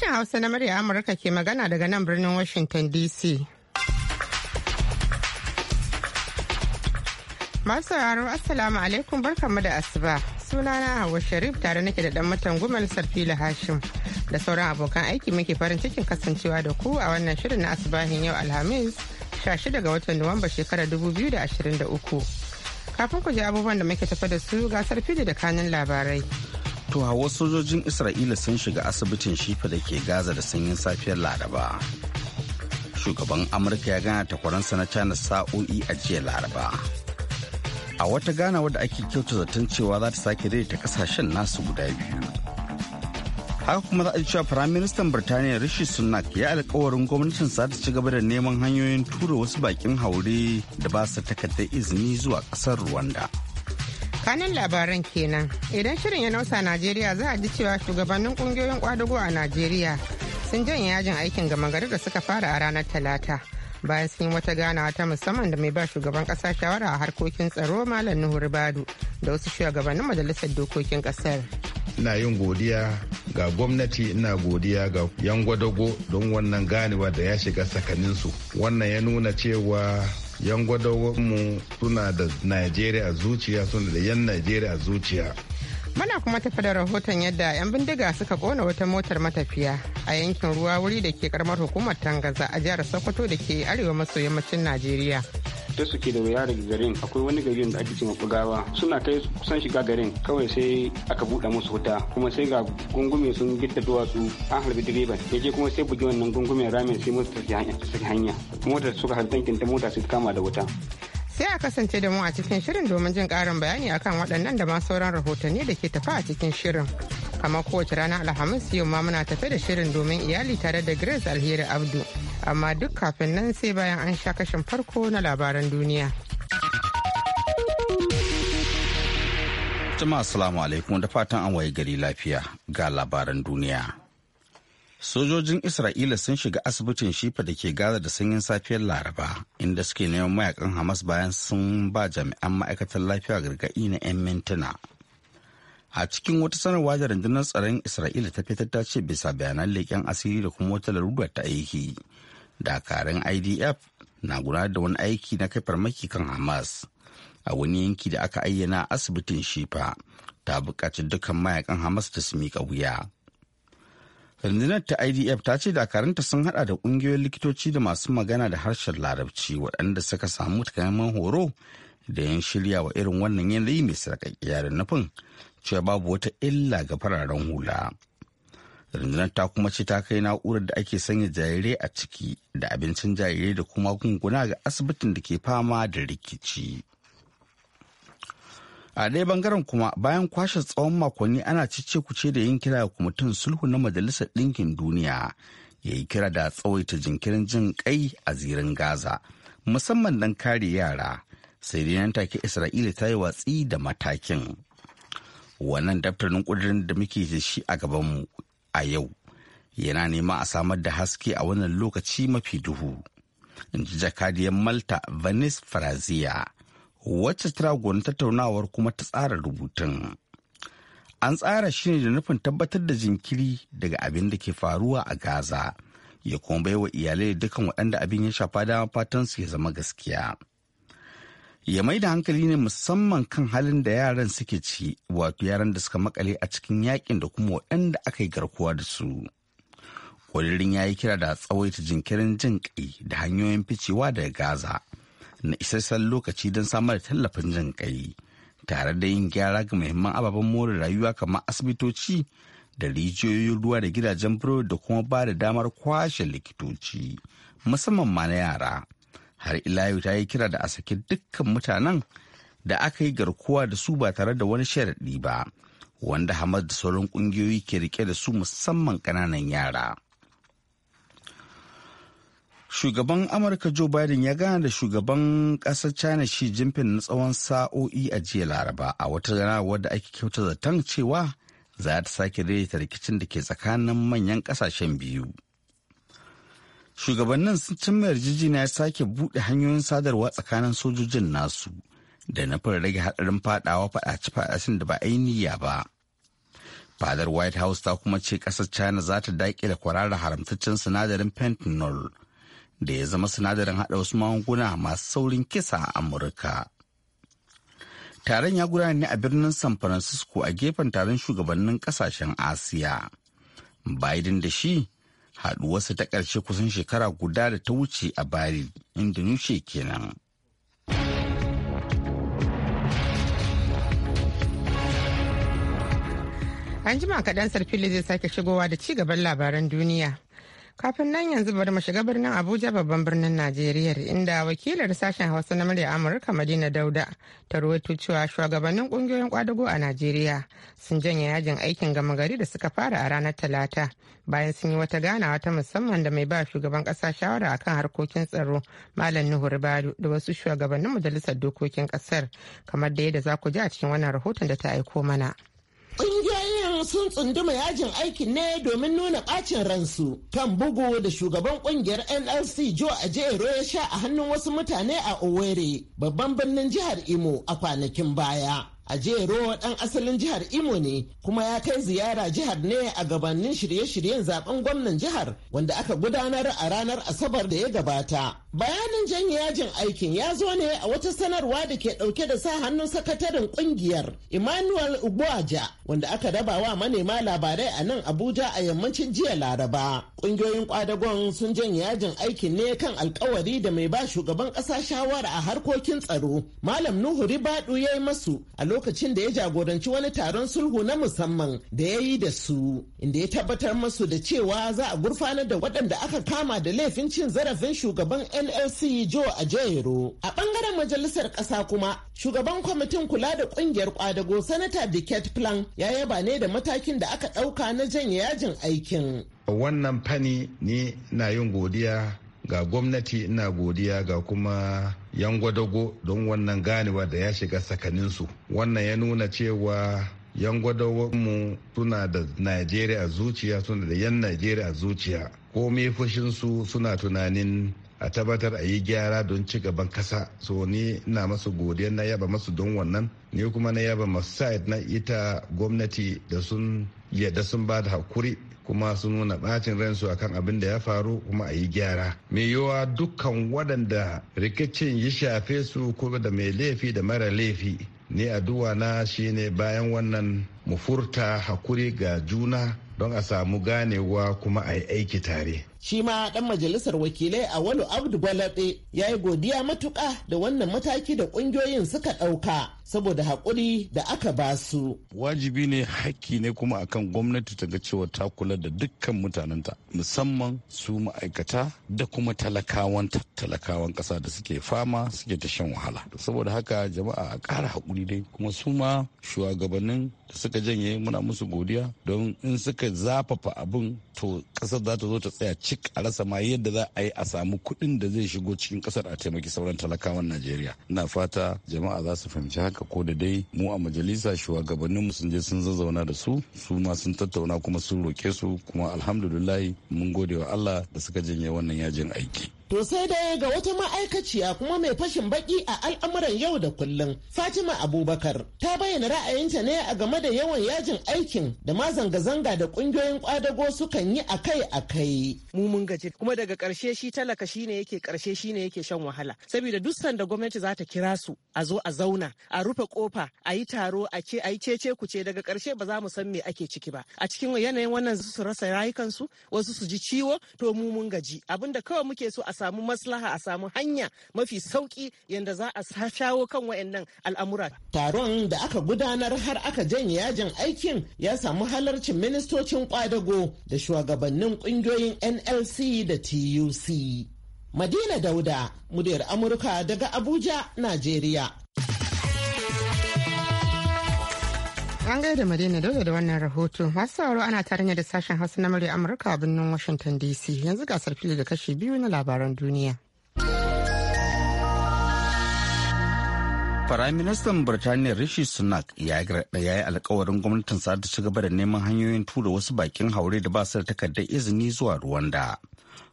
Sashen Hausa na murya Amurka ke magana daga nan birnin Washington DC. Masu sauraro Assalamu alaikum barkanmu da asuba. Sunana Hauwa Sharif tare nake da dan matan gumal Sarfila Hashim da sauran abokan aiki muke farin cikin kasancewa da ku a wannan shirin na asubahin yau Alhamis 16 ga watan Nuwamba shekarar uku. Kafin ku ji abubuwan da muke tafa da su ga sarfi da kanin labarai. To wasu sojojin Isra'ila sun shiga asibitin shifa da ke Gaza da sanyin safiyar Laraba. Shugaban Amurka ya gana takwaransa na China sa'o'i a jiya Laraba. A wata ganawa da ake kyauta zaton cewa za ta sake ta kasashen nasu guda biyu. Haka kuma za a cewa Firaministan Birtaniya Rishi Sunak ya alkawarin gwamnatin sa ta ci gaba da neman hanyoyin tura wasu bakin haure da ba su takardar izini zuwa ƙasar Rwanda. kanin labaran kenan idan shirin ya nausa najeriya za a ji cewa shugabannin kungiyoyin kwadugo a najeriya sun janye yajin aikin gama gari da suka fara a ranar talata bayan sun yi wata ganawa ta musamman da mai ba shugaban kasa shawara a harkokin tsaro malam nuhu ribadu da wasu shugabannin majalisar dokokin kasar ina yin godiya ga gwamnati ina godiya ga yan gwadago don wannan ganewa da ya shiga tsakaninsu wannan ya nuna cewa yan mu suna da najeriya zuciya suna da yan najeriya zuciya Muna kuma tafi da rahoton yadda 'yan bindiga suka kona wata motar matafiya a yankin ruwa wuri da ke karamar hukumar Tangaza a jihar Sokoto da ke arewa maso yammacin Najeriya. sai su ke da wuya daga garin akwai wani garin da ake cewa kugawa suna kai kusan shiga garin kawai sai aka buɗe musu wuta kuma sai ga gungume sun gidda duwatsu an harbi direban ya je kuma sai bugi wannan gungume ramin sai musu tafi hanya motar suka harbi tankin ta mota sai kama da wuta sai a kasance da mu a cikin shirin domin jin karin bayani akan waɗannan da ma sauran rahotanni da ke tafa a cikin shirin kamar kowace rana alhamis yau ma muna tafe da shirin domin iyali tare da grace alheri abdu amma duk kafin nan sai bayan an sha kashin farko na labaran duniya. Jama'a salamu alaikum da fatan an waye gari lafiya ga labaran duniya. Sojojin Isra'ila sun shiga asibitin shifa da ke gaza da sanyin safiyar Laraba inda suke neman mayakan Hamas bayan sun ba jami'an ma'aikatan lafiya gargaɗi na 'yan mintuna. a cikin wata sanarwa da rundunar tsaron isra'ila ta fitar ta ce bisa bayanan leƙen asiri da kuma wata larura ta aiki dakarun idf na gudanar da wani aiki na kai farmaki kan hamas a wani yanki da aka ayyana asibitin shifa ta bukaci dukkan mayakan hamas da su miƙa wuya rundunar ta idf ta ce dakarunta sun hada da kungiyoyin likitoci da masu magana da harshen larabci waɗanda suka samu takamaiman horo da yan shirya wa irin wannan yanayi mai sarƙaƙiya da nufin cewa babu wata illa ga fararen hula. rundunar ta kuma ce ta kai na'urar da ake sanya jarirai a ciki da abincin jarirai da kuma gunguna ga asibitin da ke fama da rikici a ɗaya bangaren kuma bayan kwashe tsawon makonni ana cice kuce da yin kira ga kwamitin sulhu na majalisar ɗinkin duniya ya yi kira da tsawaita jinkirin jin kai a zirin gaza musamman don kare yara sai dai nan take isra'ila ta yi watsi da matakin wannan daftarin ƙudurin da muke da shi a gabanmu a yau yana nema a samar da haske a wannan lokaci mafi duhu in ji jakadiyar malta venice farazia wacce ta tattaunawar kuma ta tsara rubutun an tsara shi ne da nufin tabbatar da jinkiri daga abin da ke faruwa a gaza ya kuma baiwa iyalai dukan waɗanda abin ya shafa dama fatan su ya zama gaskiya ya mai da hankali ne musamman kan halin da yaran suke ci wato yaran da suka makale a cikin yakin da kuma waɗanda aka yi garkuwa da su Kwalirin ya yi kira da tsawaita jinkirin jin kai da hanyoyin ficewa daga gaza na isassan lokaci don samar da tallafin jin kai tare da yin gyara ga muhimman ababen more rayuwa kamar asibitoci da rijiyoyin ruwa da gidajen burodi da kuma ba da damar kwashe likitoci musamman ma na yara har ilayu ta yi kira da a saki dukkan mutanen da aka yi garkuwa da su ba tare da wani sharaɗi ba wanda hamad da sauran ƙungiyoyi ke rike da su musamman ƙananan yara shugaban amurka joe biden ya gana da shugaban ƙasar china shi jinping na tsawon sa'o'i a jiya laraba a wata gana wadda ake kyauta zaton cewa za ta sake daidaita rikicin da ke tsakanin manyan ƙasashen biyu shugabannin sun cimma ya sake buɗe hanyoyin sadarwa tsakanin sojojin nasu da na nufin rage haɗarin faɗawa faɗace-faɗacen da ba ainiya ba. Fadar White House ta kuma ce ƙasar China za ta daƙile kwararra haramtaccen sinadarin fentanyl da ya zama sinadarin haɗa wasu magunguna masu saurin kisa a Amurka. Taron ya gudana ne a birnin San Francisco a gefen taron shugabannin ƙasashen Asiya. Biden da shi haduwarsa ta ƙarshe kusan shekara guda da ta wuce a bari inda nushe kenan an jima kaɗan sarfili zai sake shigowa da ci gaban labaran duniya Kafin nan yanzu bari mu shiga birnin Abuja babban birnin Najeriya inda wakilar sashen Hausa na murya Amurka Madina Dauda ta rawaito cewa shugabannin kungiyoyin kwadago a Najeriya sun janye yajin aikin gama gari da suka fara a ranar Talata bayan sun yi wata ganawa ta musamman da mai ba shugaban kasa shawara akan harkokin tsaro Malam Nuhu Ribadu da wasu shugabannin majalisar dokokin kasar kamar da yadda za ku ji a cikin wannan rahoton da ta aiko mana. Sojojin sun tsunduma yajin aikin ne domin nuna bacin ransu kan bugu da shugaban kungiyar NLC Joe Ajero ya sha a hannun wasu mutane a Owerri babban birnin jihar Imo a kwanakin baya. jero dan asalin jihar Imo ne kuma ya kai ziyara jihar ne a gabanin shirye-shiryen zaben gwamnan jihar wanda aka gudanar a ranar Asabar da ya gabata. Bayanin janye yajin aikin ya zo ne a wata sanarwa da ke dauke da sa hannun sakataren kungiyar Emmanuel Ugboaja wanda aka raba wa manema labarai a nan Abuja a yammacin jiya Laraba. kungiyoyin kwadagon sun janye yajin aikin ne kan alkawari da mai ba shugaban ƙasa shawara a harkokin tsaro. Malam Nuhu Ribadu ya yi masu a lokacin lokacin da ya jagoranci wani taron sulhu na musamman da ya yi da su inda ya tabbatar masu da cewa za a gurfanar da waɗanda aka kama da laifin cin zarafin shugaban nlc joe ajero a ɓangaren majalisar ƙasa kuma shugaban kwamitin kula da ƙungiyar kwadago sanata diket plan ya yaba ne da matakin da aka ɗauka na janye yajin aikin wannan fani ne na yin godiya ga gwamnati ina godiya ga kuma yan gwadago don wannan ganewa da ya shiga tsakaninsu wannan ya nuna cewa yan mu suna da najeriya a zuciya suna da yan najeriya a zuciya komai fushinsu suna tunanin a tabbatar a yi gyara don ci gaban kasa so ni na masu godiya na yaba masu don wannan ni kuma na yaba masu na ita gwamnati da sun yadda sun ba da hakuri kuma su nuna bacin ransu akan abin da ya faru kuma a yi gyara mai yiwuwa dukkan waɗanda rikicin ya shafe su kuma da mai laifi da mara laifi ni addu'a na shine bayan wannan mu furta hakuri ga juna don a samu ganewa kuma a yi aiki tare. Shi ma ɗan majalisar wakilai a walu Abdu Balaɗe ya yi godiya matuƙa da wannan mataki da ƙungiyoyin suka ɗauka saboda haƙuri da aka ba su. Wajibi ne haƙƙi ne kuma akan gwamnati ta ga cewa ta kula da dukkan mutanenta musamman su ma'aikata da kuma talakawan talakawan ƙasa da suke fama suke ta shan wahala. Saboda haka jama'a a ƙara haƙuri dai kuma su ma shugabannin da suka janye muna musu godiya don in suka zafafa abin to kasar za ta zo ta tsaya cik a rasa ma yadda za a yi a samu kuɗin da zai shigo cikin kasar a taimaki sauran talakawan najeriya ina fata jama'a za su fahimci haka ko da dai mu a majalisa shugabannin mu sun je sun zazzauna da su su ma sun tattauna kuma sun roke su kuma alhamdulillah mun gode wa allah da suka janye wannan yajin aiki To sai dai ga wata ma'aikaciya kuma mai fashin baki a al'amuran yau da kullum Fatima Abubakar ta bayyana ra'ayinta ne a game da yawan yajin aikin da ma zanga-zanga da kungiyoyin kwadago sukan yi akai-akai. Mu mun gaji kuma daga karshe shi talaka shine yake karshe shine yake shan wahala saboda duk sanda gwamnati za ta kira su a zo a zauna a rufe kofa a yi taro a ce a yi cece kuce daga karshe ba za mu san me ake ciki ba a cikin yanayin wannan su rasa rayukansu wasu su ji ciwo to mu mun gaji abinda kawai muke so a samu maslaha a samu hanya mafi sauki yadda za a shawo kan wayannan al'amura. Taron da aka gudanar har aka janye yajin aikin ya samu halarcin ministocin kwadago da shugabannin kungiyoyin NLC da TUC. Madina Dauda, muryar Amurka daga Abuja, Najeriya. An da Madina dole da wannan rahoto. Masu sauraro ana tare da sashen Hausa na murya Amurka a birnin Washington DC. Yanzu gasar fili da kashi biyu na labaran duniya. Firaministan Birtaniya Rishi Sunak ya yi alkawarin gwamnatin sa da ci gaba da neman hanyoyin tura wasu bakin haure da ba su da takardar izini zuwa Rwanda.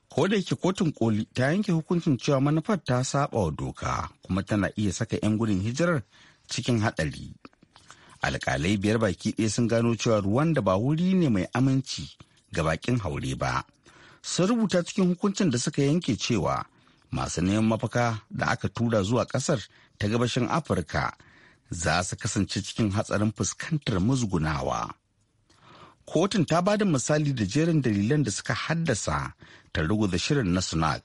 Ko da yake kotun koli ta yanke hukuncin cewa manufar ta saba wa doka kuma tana iya saka 'yan gudun hijirar cikin haɗari. alkalai biyar baki ɗaya sun gano cewa ruwan da ba wuri ne mai aminci ga bakin haure ba sun rubuta cikin hukuncin da suka yanke cewa masu neman mafaka da aka tura zuwa ƙasar ta gabashin afirka za su kasance cikin hatsarin fuskantar musgunawa kotun ta ba da misali da jerin dalilan da suka haddasa ta da shirin na sunak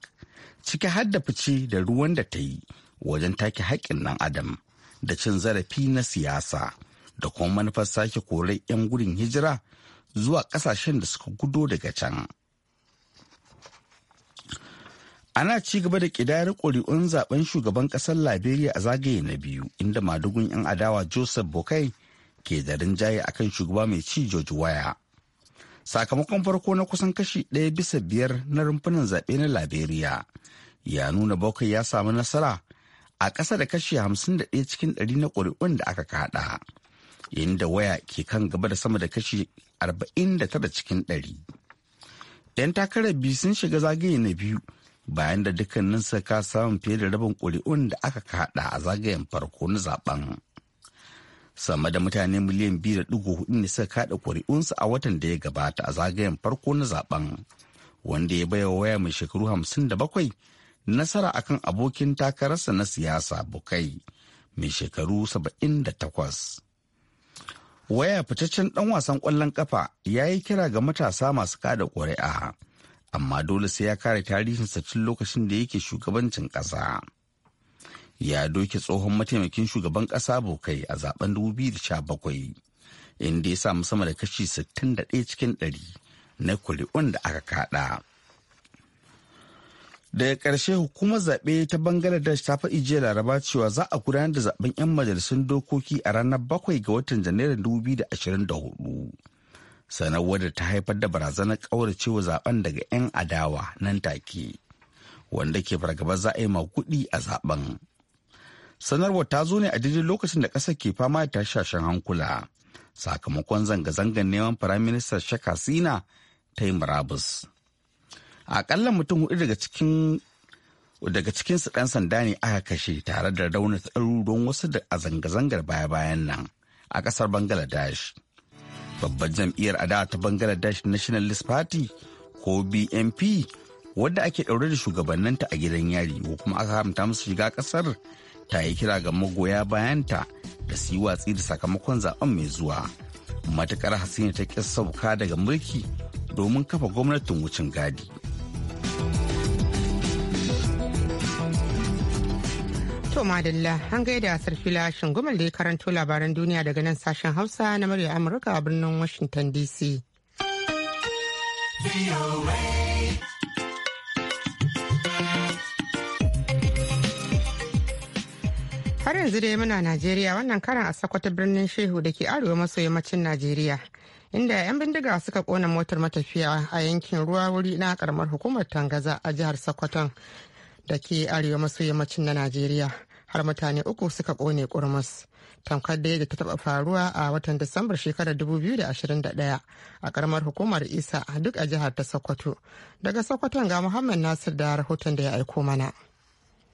ciki hadda fice da ruwan da ta yi wajen take haƙƙin ɗan adam da cin zarafi na siyasa. da kuma manufar sake korar 'yan gudun hijira zuwa kasashen da suka gudo daga can. Ana ci gaba da ƙidayar ƙuri'un zaben shugaban ƙasar Liberia a zagaye na biyu inda madugun 'yan adawa Joseph Bokai ke da rinjaye kan shugaba mai ci George Waya. Sakamakon farko na kusan kashi ɗaya bisa biyar na rumfunan zaɓe na Liberia ya nuna Bokai ya samu nasara a ƙasa da kashi hamsin da ɗaya cikin ɗari na ƙuri'un da aka kaɗa. yayin da waya ke kan gaba da sama da kashi 49 cikin 100 'yan takarar biyu sun shiga zagaye na biyu bayan da dukkanin suka samun fiye da rabin ƙuri'un da aka kaɗa a zagayen farko na zaben sama da mutane miliyan biyu da ɗigo hudu ne suka kaɗa ƙuri'unsu a watan da ya gabata a zagayen farko na zaben wanda ya baiwa waya mai shekaru hamsin da bakwai nasara akan abokin takararsa na siyasa bukai mai shekaru saba'in da takwas waya fitaccen dan wasan kwallon kafa ya yi kira ga matasa masu kada ƙuri'a amma dole sai ya kare tarihinsa tun lokacin da yake shugabancin ƙasa ya doke tsohon mataimakin shugaban ƙasa bokai a zaben 2017 inda ya samu sama da kashi 61 cikin 100 na kuri'un da aka kada. daga ƙarshe hukumar zaɓe ta bangaladesh ta faɗi jiya laraba cewa za a gudanar da zaɓen 'yan majalisun dokoki a ranar bakwai ga watan janairun 2024 sanarwar da ta haifar da barazanar ƙauracewa zaɓen daga 'yan adawa nan take wanda ke fargaba za a yi kuɗi a zaɓen. sanarwar ta zo ne a daidai lokacin da ƙasar ke fama da tashashen hankula sakamakon zanga-zangar neman firaministan shakasina ta yi murabus. akalla mutum hudu daga cikin daga cikinsu ɗan sanda ne aka kashe tare da raunata ɗaruruwan wasu da a zanga-zangar baya-bayan nan a ƙasar bangladesh babbar jam'iyyar adawa ta bangladesh nationalist party ko bnp wadda ake ɗaure da shugabanninta a gidan yari ko kuma aka haramta musu shiga ƙasar ta yi kira ga magoya bayanta da su yi watsi da sakamakon zaben mai zuwa matukar hasina ta kisa sauka daga mulki domin kafa gwamnatin wucin gadi To madalla an gaida lashin gumal da ya karanto labaran duniya daga nan sashen Hausa na murya Amurka a birnin Washington DC. Har yanzu dai muna Najeriya wannan karan a sakwata birnin Shehu da ke arewa maso yammacin Najeriya inda 'yan bindiga suka kona motar matafiya a yankin ruwa wuri na karamar hukumar tangaza a jihar sokoton da ke arewa maso yammacin na najeriya har mutane uku suka kone kurmus tamkar da yadda ta taba faruwa a watan disambar shekarar 2021 a karamar hukumar isa duk a jihar ta sokoto daga sokoton ga muhammad nasir da rahoton da ya aiko mana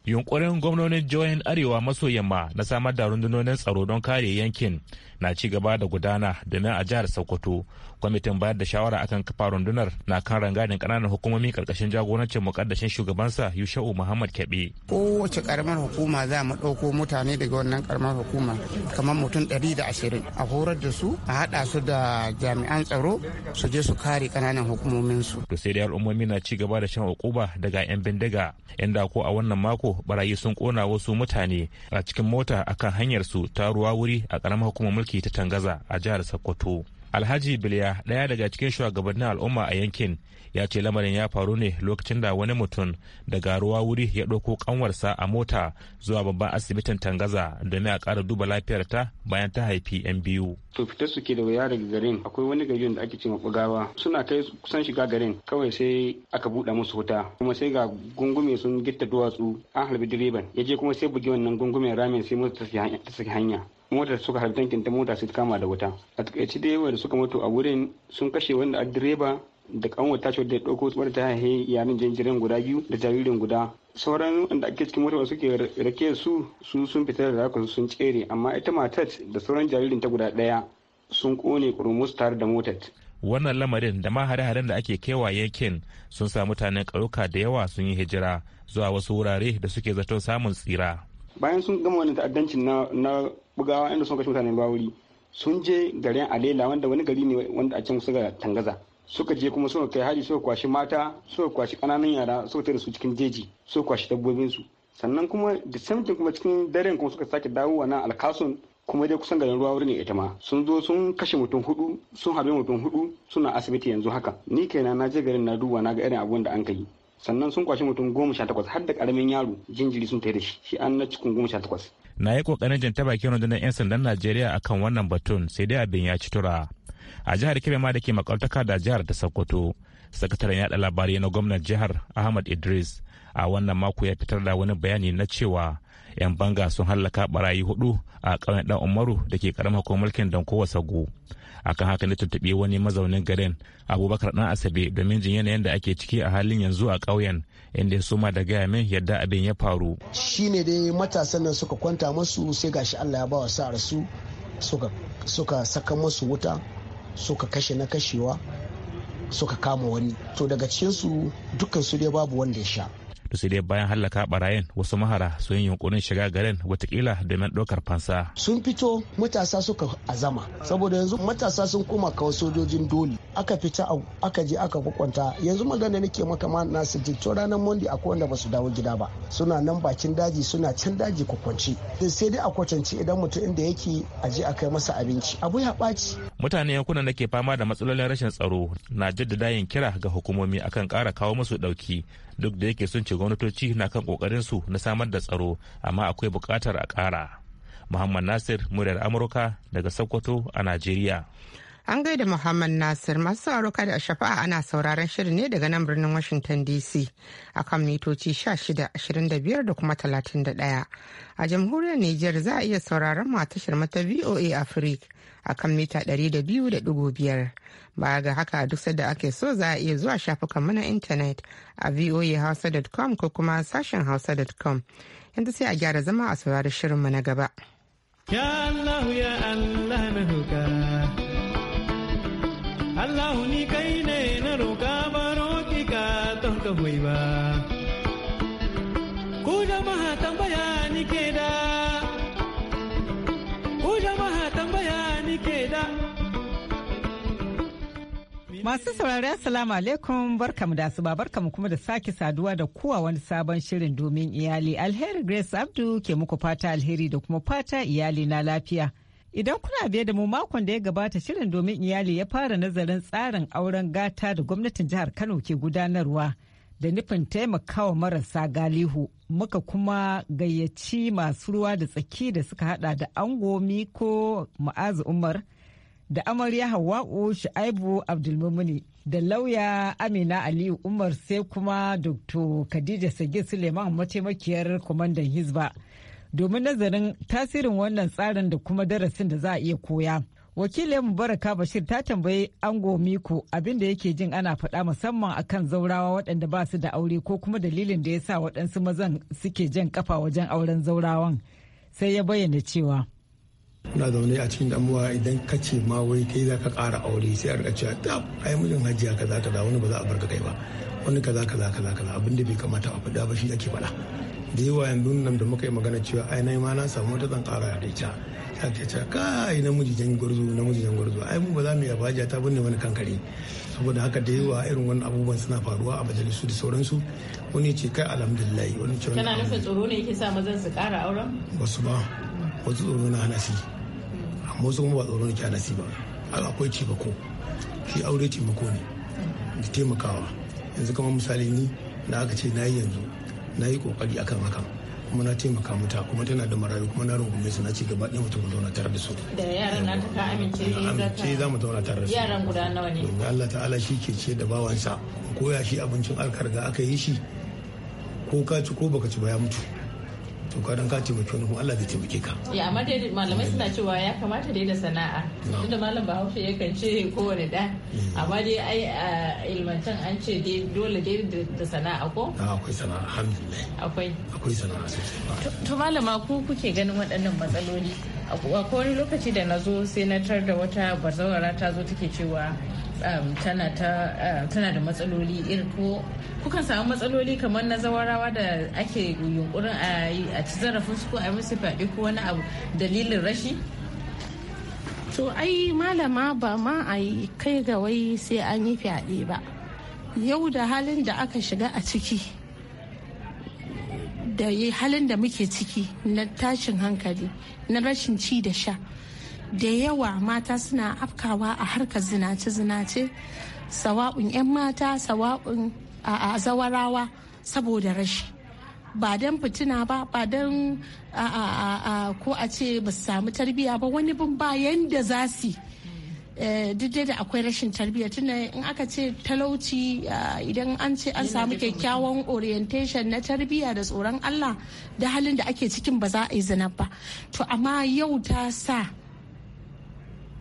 yunkurin gwamnonin jihohin arewa maso yamma na samar da rundunonin tsaro don kare yankin na ci gaba da gudana domin a jihar sokoto kwamitin bayar da shawara akan kafa rundunar na kan rangadin kananan hukumomi karkashin jagorancin muƙaddashin shugabansa yusha'u muhammad kebe kowace ƙaramar hukuma za mu ɗauko mutane daga wannan ƙaramar hukuma kamar mutum ɗari da ashirin a horar da su a haɗa su da jami'an tsaro su je su kare kananan hukumominsu to sai dai al'ummomi na ci gaba da shan ukuba daga 'yan bindiga inda ko a wannan mako barayi sun kona wasu mutane a cikin mota akan hanyar su ta ruwa wuri a ƙaramar hukumar mulki ta tangaza a jihar sokoto alhaji biliya ɗaya daga cikin shugabannin al'umma a yankin ya ce lamarin ya faru ne lokacin da wani mutum daga ruwa wuri ya ɗauko kanwarsa a mota zuwa babban asibitin tangaza domin a ƙara duba lafiyarta bayan ta haifi 'yan biyu. to fita su ke da wuya daga garin akwai wani gari da ake ce bugawa suna kai kusan shiga garin kawai sai aka buɗe musu wuta kuma sai ga gungume sun gitta duwatsu an harbi direban ya je kuma sai bugi wannan gungumen ramin sai musu ta hanya motar suka halittar tankin ta mota sai ta kama da wuta a da yawa da suka mutu a wurin sun kashe wanda a direba da kanwar tashi da ya ɗauko wadda ta haihe yarin jinjirin guda biyu da jaririn guda sauran wanda ake cikin motar suke rake su su sun fita da su sun tsere amma ita matar da sauran jaririn ta guda ɗaya sun kone kurmus tare da motar wannan lamarin da ma hare-haren da ake kaiwa yankin sun sa mutanen karuka da yawa sun yi hijira zuwa wasu wurare da suke zaton samun tsira bayan sun gama wani ta'addancin na na bugawa inda sun kashe mutanen bawuri sun je garin alela wanda wani gari ne wanda a can ga tangaza suka je kuma suka kai hari suka kwashi mata suka kwashi kananan yara suka tare su cikin jeji suka kwashi dabbobin su sannan kuma da samkin kuma cikin daren kuma suka sake dawowa nan alkasun kuma dai kusan garin ruwa wurin ita ma sun zo sun kashe mutum hudu sun harbe mutum hudu suna asibiti yanzu haka ni kenan na je garin na duba na ga irin abun da an kai sannan sun kwashi mutum goma sha takwas har da karamin yaro jinjiri sun tai da shi shi an na cikin goma sha takwas. na yi kokarin janta bakin rundunar 'yan sandan najeriya akan wannan batun sai dai abin ya ci tura a jihar kebe ma da ke makwabtaka da jihar ta sokoto sakataren yada labarai na gwamnan jihar ahmad idris a wannan mako ya fitar da wani bayani na cewa 'yan banga sun hallaka barayi hudu a ƙauyen dan umaru da ke karamar mulkin dankowa sago akan haka na tuntuɓi wani mazaunin garin abubakar dan asabe domin jin yanayin da ake ciki a halin yanzu a ƙauyen inda ya suma da gaya min yadda abin ya faru shi ne dai matasan nan suka kwanta musu sai gashi allah ya ba wa sa'ar su suka suka saka masu wuta suka kashe na kashewa suka kama wani to daga cikinsu dukkan su dai babu wanda ya sha da sai dai bayan hallaka barayin wasu mahara sun yi yunkurin shiga garin watakila domin ɗaukar fansa. Sun fito matasa suka azama saboda yanzu matasa sun koma kawo sojojin doli aka fita aka je aka kwakwanta yanzu magana nake maka ma na to ranar mondi akwai wanda ba su dawo gida ba suna nan bakin daji suna can daji kwakwanci sai dai a kwatance idan mutum inda yake a je a kai masa abinci abu ya ɓaci. Mutane yankunan da ke fama da matsalolin rashin tsaro na jaddada yin kira ga hukumomi akan ƙara kawo musu ɗauki duk da yake sun ce gwamnatoci na kan kokarin su na samar da tsaro amma akwai bukatar a kara muhammad nasir muryar amurka daga sokoto a najeriya An gaida Muhammad Nasir masu sauraro kada a shafa'a ana sauraron shirin ne daga nan birnin Washington DC a kan mitoci 1625 da kuma 31. A jamhuriyar Nijar za a iya sauraron tashar mata VOA Africa a kan mita 200.5. Baya ga haka duk sadda ake so za a iya zuwa shafukan mana intanet a voahausa.com ko kuma sashen hausa.com. Yanzu sai a gyara zama a saurari mu na gaba. Ya Allah ya Allah na Allah ni kai ne na roƙa baro ki ka don ka Ku jama'a tambaya ni ke da, ku jama'a tambaya ni ke da. Masu saurari Assalamu alaikum barkamu da su barkamu kuma da sake saduwa da kuwa wani sabon shirin domin iyali. Alheri Grace Abdu ke muku fata alheri da kuma fata iyali na lafiya. Idan kuna biye da mu makon da ya gabata shirin domin iyali ya fara nazarin tsarin auren gata da gwamnatin jihar Kano ke gudanarwa da nufin taimakawa marasa galihu. Muka kuma gayyaci masu ruwa da tsaki da suka hada da ango Miko Ma'azu Umar da amarya Hawwa'u Shu'aibu Abdulmumuni da lauya Amina Aliyu Umar sai kuma Dr. Khadija Sage Suleiman mataimakiyar kwamandan Hizba. domin nazarin tasirin wannan tsarin da kuma darasin da za a iya koya. wakilin mubaraka bashir ta tambayi ango miko abinda yake jin ana faɗa musamman akan zaurawa waɗanda ba su da aure ko kuma dalilin da ya sa waɗansu mazan suke jan kafa wajen auren zaurawan sai ya bayyana cewa muna zaune a cikin damuwa idan ka ce ma wai kai za ka ƙara aure sai a rika cewa ta ai mijin hajiya kaza kaza wani ba za a barka kai ba wani kaza kaza kaza kaza abin da bai kamata a faɗa ba shi ake faɗa da yawa yanzu nan da muka yi magana cewa ai na ma na samu wata zan kara da ita ta ta ce kai namiji jan gwarzo namiji jan gwarzo ai mu ba za mu yi abaja ta binne wani kankare saboda haka da yawa irin wani abubuwan suna faruwa a majalisu da sauransu wani ce kai alhamdulillah wani ce kana nufin tsoro ne yake sa mazan su kara auren wasu ba wasu tsoro na hana amma wasu kuma ba tsoro ne ke hana ba akwai bako shi aure taimako ne da taimakawa yanzu kamar misali ni da aka ce na yi yanzu na yi kokari akan hakan kuma na taimaka mata kuma tana da marayu kuma na rungume su na ci gaba ɗaya mutum zauna tare da su da yaran na ta amince amince za mu zauna tare da su yaran guda nawa ne domin Allah ta'ala shi ke ce da bawansa koya shi abincin alkarga aka yi shi ko ka ci ko baka ci ba ya mutu to ka ka taimaki wani kuma Allah zai taimake ka ya amma dai malamai suna cewa ya kamata dai da sana'a tunda malam Bahaushe yakan ce kowane da mm. amma dai ai a ilmantan an ce dai dole dai da sana'a ko akwai sana'a alhamdulillah akwai akwai sana'a sosai to malama ku kuke ganin waɗannan matsaloli a wani lokaci da na zo sai na tar da wata bazawara ta zo take cewa um, um, tana da matsaloli iri ko kukan samu matsaloli kamar na zawarawa da ake yunkurin a ci zarafin su ko a musu fyaɗe ko wani abu dalilin rashi to ai malama ba ma a yi kai ga wai sai an yi fyaɗe ba yau da halin da aka shiga a ciki da halin da muke ciki na tashin hankali na rashin ci da sha da yawa mata suna afkawa a harkar zinace-zinace sawa'un 'yan mata sawa'un a zawarawa saboda rashi ba don fitina ba ba don a'a-a-a ko a ce ba su samu tarbiyya ba wani bin bayan da za su Eh, duk da akwai rashin tarbiyya tunda in aka ce talauci ah, idan an ce an samu kyakkyawan orientation na tarbiyya da tsoron Allah da halin da ake cikin ba za a yi zina ba to amma yau ta sa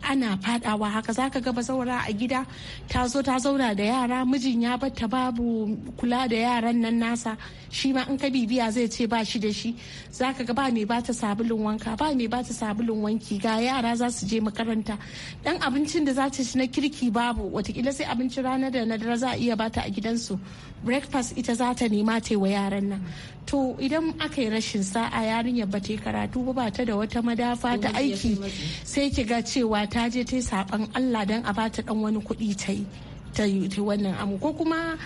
ana fadawa haka zaka ga bazaura a gida ta zo ta zauna da yara mijin ya batta babu kula da yaran nan nasa shi ma in ka bibiya zai ce ba shi da shi zaka ga ba mai bata sabulun wanka ba mai bata sabulun wanki ga yara za su je makaranta dan abincin da za ta ci na kirki babu watakila sai abincin ranar da na dare za a iya bata a gidansu breakfast ita za ta nema ta wa yaran nan to idan aka yi rashin sa'a yarinya ba ta yi karatu ba ta da wata madafa ta aiki sai ki ga cewa ta je ta yi saɓan Allah dan a bata dan wani kuɗi ta yi ta yi wannan amu ko kuma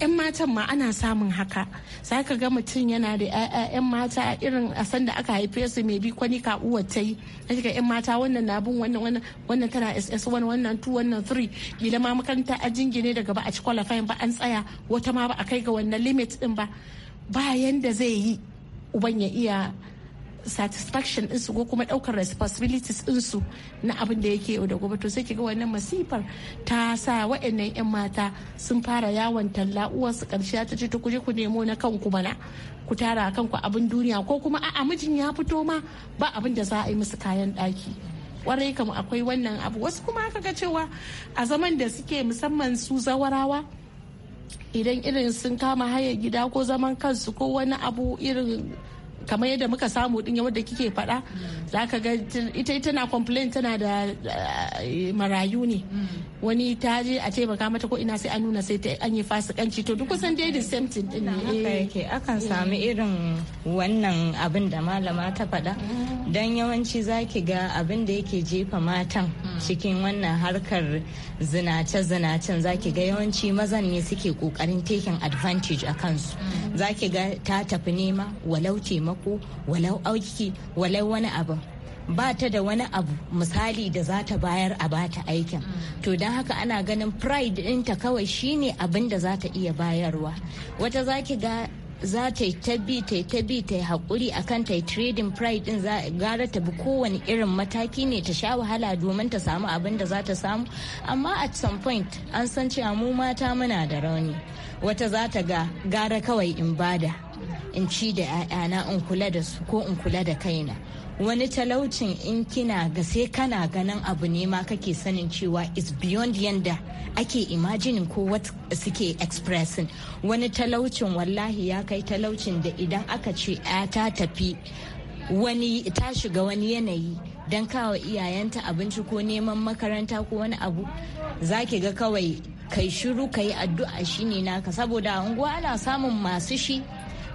yan matan ma ana samun haka za ka ga mutum yana da yan mata irin a san da aka haife su mai bi kwani ka uwa ta yi na shiga 'yan mata wannan na bin wannan wannan tana ss1 wannan 2 wannan 3 gila ma makaranta a jingine daga ba a ci qualifying ba an tsaya wata ma ba a kai ga wannan limit din ba bayan da zai yi uban ya iya satisfaction ɗinsu ko kuma ɗaukar responsibilities ɗinsu na abin da yake yau da gobe to sai kiga wannan masifar ta sa wa'annan 'yan mata sun fara yawon talla uwarsu ƙarshe ta ce ta kuje ku nemo na kanku bana ku tara kanku abin duniya ko kuma a'a mijin ya fito ma ba abin da za a yi musu kayan ɗaki kwarai kam akwai wannan abu wasu kuma aka ga cewa a zaman da suke musamman su zawarawa idan irin sun kama hayar gida ko zaman kansu ko wani abu irin kamar yadda muka samu din wadda kike faɗa za ka ga ita tana complain tana da eh, marayu ne mm. wani ta je a taimaka mata ko ina sai an nuna sai ta an yi fasikanci to duk kusan dai same thing din ne eh. yake akan samu eh. irin wannan abin da malama ta faɗa mm. dan yawanci zaki ga abin da yake jefa matan cikin wannan harkar zinace-zinacen zaki ga yawanci mazan ne suke kokarin taking advantage a kansu mm. zaki ga ta tafi nema walau taimako walau auki walau wani abu ba ta da wani abu misali da za ta bayar a bata aikin mm. to don haka ana ganin pride ɗinta kawai shine abin da za ta iya bayarwa wata zaki ga za ta yi ta bi ta yi ta bi ta yi haƙuri a kan ta yi trading pride din za gara ta bi kowane irin mataki ne ta sha wahala domin ta samu abin da za ta samu amma at some point an san cewa mu mata muna da rauni wata za ta ga gara kawai in bada in ci da 'ya'yana in kula da su ko in kula da kaina wani talaucin in kina ga sai kana ganin abu ne ma kake sanin cewa is beyond yanda ake imagining ko what suke expressing wani talaucin wallahi ya kai talaucin da idan aka ce ta tafi wani ta shiga wani yanayi don kawo iyayenta abinci ko neman makaranta ko wani abu za ki ga kawai kai shiru kayi addu'a addu'a shine naka saboda unguwa ana samun masu shi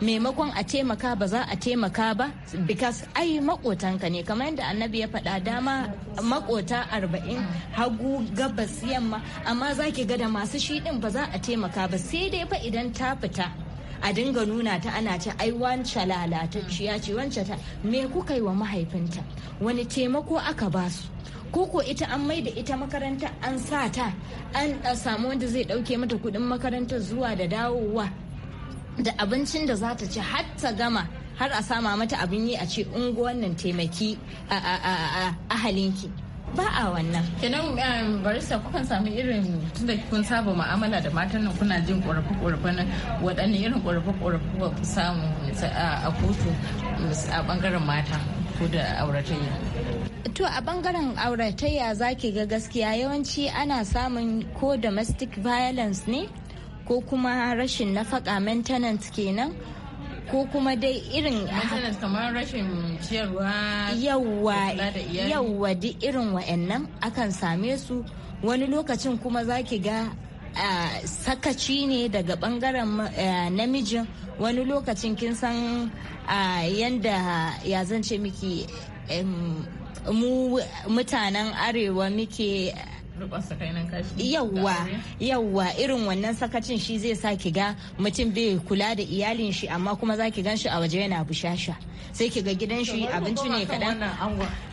maimakon a taimaka ba za a taimaka ba because ai makotanka ne kamar yadda annabi ya faɗa dama makota arba'in hagu gabas yamma amma za ki ga da masu shi ɗin ba za a taimaka ba sai dai fa idan ta fita a dinga nuna ta ana ce ai wance ya ce wance ta me kuka yi wa mahaifinta wani taimako aka ba su koko ita an mai da ita makaranta an sa ta an samu wanda zai dauke mata kudin makarantar zuwa da dawowa da abincin da za ta ci har ta gama har a sama mata abin yi a ce unguwan nan taimaki a ahalinki ba a wannan. kenan um, barista kukan samu irin tunda kun saba ma'amala da matan nan kuna jin ƙorafi ƙorafi nan waɗanne irin ƙorafi ƙorafi ba ku samu a kotu a ɓangaren mata ko da auratayya. To a ɓangaren auratayya zaki ga gaskiya yawanci ana samun ko domestic violence ne ko kuma rashin nafaka maintenance kenan ko kuma dai irin kamar rashin ciyarwa yawwa yawwa duk irin wa'annan akan same su wani lokacin kuma za ki ga uh, sakaci ne daga bangaren uh, namijin wani lokacin kin san uh, yanda ya zance miki um, mu mutanen arewa muke yawwa yawwa irin wannan sakacin shi zai sa ki ga mutum bai kula da iyalin shi amma kuma za ki gan shi a waje yana bushasha sai ki ga gidan shi abinci ne kaɗan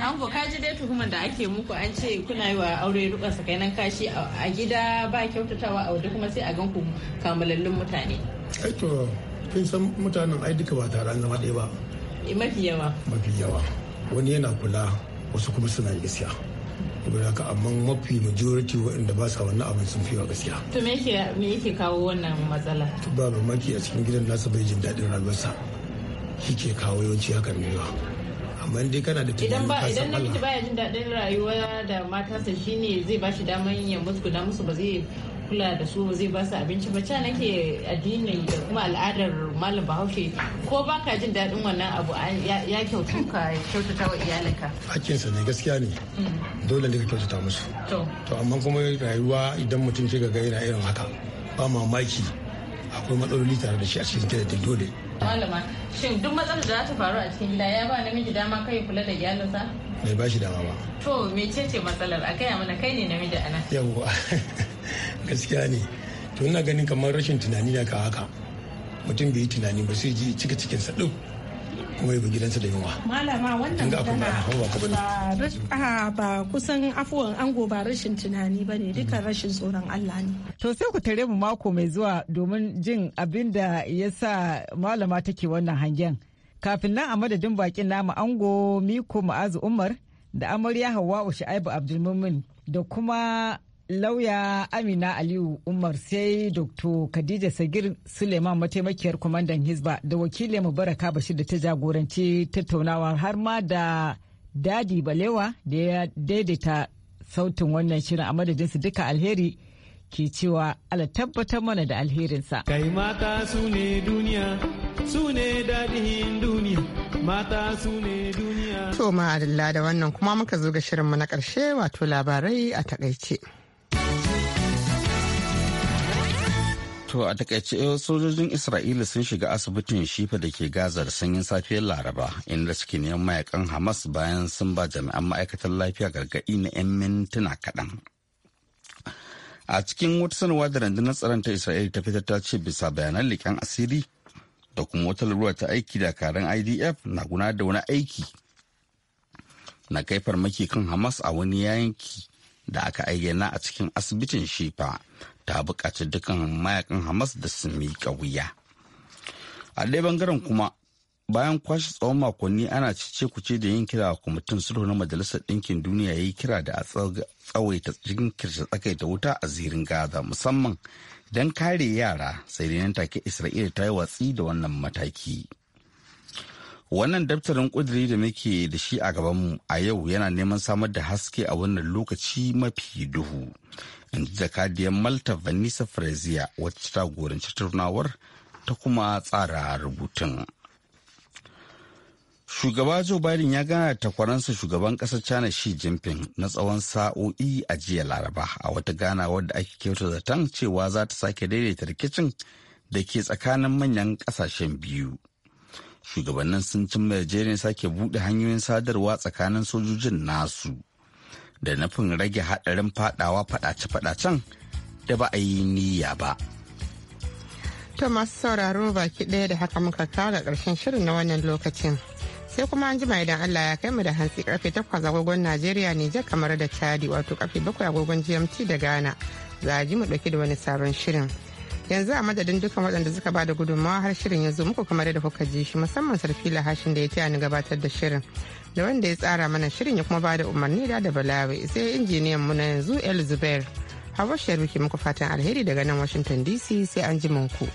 ango ka ji dai tuhumar da ake muku an ce kuna yi wa aure rukon sakainan kashi a gida ba kyautatawa a waje kuma sai a gan ku kamalallun mutane aito kin san mutanen ai duka ba tare na ɗaya ba eh, mafi yawa mafi yawa wani yana kula wasu kuma suna gaskiya saboda haka amma mafi majority waɗanda ba sa wannan abin sun fi wa gaskiya to me yake me yake kawo wannan matsala ba mamaki a cikin gidan nasa bai jin daɗin rayuwarsa shi ke kawo yawanci hakan ne amma dai kana da tunanin ka idan namiji baya jin daɗin rayuwa da matarsa shine zai ba shi daman ya musguna musu ba zai kula da su zai ba su abinci ba ca nake addini da kuma al'adar malam bahaushe ko ba ka jin daɗin wannan abu ya kyautu ka kyautata wa iyalinka hakkinsa ne gaskiya ne mm. dole ne ka kyautata musu to amma kuma rayuwa idan mutum ke ga yana irin haka ba mamaki akwai matsaloli tare da shi a cikin gida da dole malama shin duk matsalar da za ta faru a cikin gida ya ba namiji dama kai kula da iyalinsa bai ba shi dama ba to mecece matsalar a gaya mana kai ne namiji a nan yawwa gaskiya ne to ina ganin kamar rashin tunani na ka haka mutum bai yi tunani ba sai ji cika cikinsa ɗin kuma yaba gidansa da yunwa. Malama wannan magana ba kusan afuwan ango ba rashin tunani ba ne duka mm. rashin tsoron Allah ne. To sai ku tare mu mako mai zuwa domin jin abin da ya sa malama take wannan hangen. Kafin nan a madadin bakin namu ango Miko Ma'azu Umar da amarya Hawwa'u Shu'aibu Abdulmumin da kuma lauya amina aliyu umar sai dr khadija sagir suleiman mataimakiyar kwamandan hisba da wakilin mubaraka bashir da ta jagoranci tattaunawa har ma da dadi balewa da ya daidaita sautin wannan shirin a madadinsu duka alheri ke cewa ala tabbatar mana da alherinsa kai mata su ne duniya su ne dadihin duniya mata su ne duniya to ma'adalla da wannan kuma muka zo ga shirinmu na karshe wato labarai a takaice To a takaice sojojin Isra'ila sun shiga asibitin shifa da ke Gaza da sanyin safiyar Laraba inda suke neman mayakan Hamas bayan sun ba jami'an ma'aikatan lafiya gargaɗi na 'yan mintuna kaɗan. A cikin wata sanarwa da rundunar tsaron ta Isra'ila ta fitar ta ce bisa bayanan leƙen asiri da kuma wata lura ta aiki da karen IDF na guna da wani aiki na kai farmaki kan Hamas a wani yanki da aka ayyana a cikin asibitin shifa. ta buƙaci dukkan mayakan hamas da su miƙa wuya a ɗaya bangaren kuma bayan kwashe tsawon makonni ana cice kuce da yin kira kwamitin sulhu na majalisar ɗinkin duniya ya yi kira da a tsawaita jinkirta tsakaita wuta a zirin gaza musamman don kare yara sai dai nan take isra'ila ta yi watsi da wannan mataki wannan daftarin ƙudiri da muke da shi a gabanmu a yau yana neman samar da haske a wannan lokaci mafi duhu in jakadiyar malta vanessa frazier wacce ta goranci turnawar ta kuma tsara rubutun shugaba joe biden ya gana da takwaransa shugaban kasar china shi jinping na tsawon sa'o'i a jiya laraba a wata ganawar wadda ake kyauta zaton cewa za ta sake daidaita rikicin da ke tsakanin manyan kasashen biyu shugabannin sun cimma yarjejeniyar sake buɗe hanyoyin sadarwa tsakanin sojojin nasu da nufin rage haɗarin fadawa faɗace-faɗacen da ba a yi niyya ba. To masu sauraro baki ɗaya da haka muka kawo ƙarshen shirin na wannan lokacin. Sai kuma an jima idan Allah ya kai mu da hantsi karfe takwas agogon Najeriya ne je kamar da Chadi wato karfe bakwai agogon GMT da Ghana. Za a ji mu ɗauki da wani sabon shirin. yanzu a madadin dukkan waɗanda suka ba da gudunmawa har shirin ya zo muku kamar da kuka ji shi musamman sarfila hashin da ya ce ni gabatar da shirin da wanda ya tsara mana shirin ya kuma ba da umarni da balawe sai injiniyan mu na yanzu el zubair hawa sharif muku fatan alheri daga nan washington dc sai an ji ku.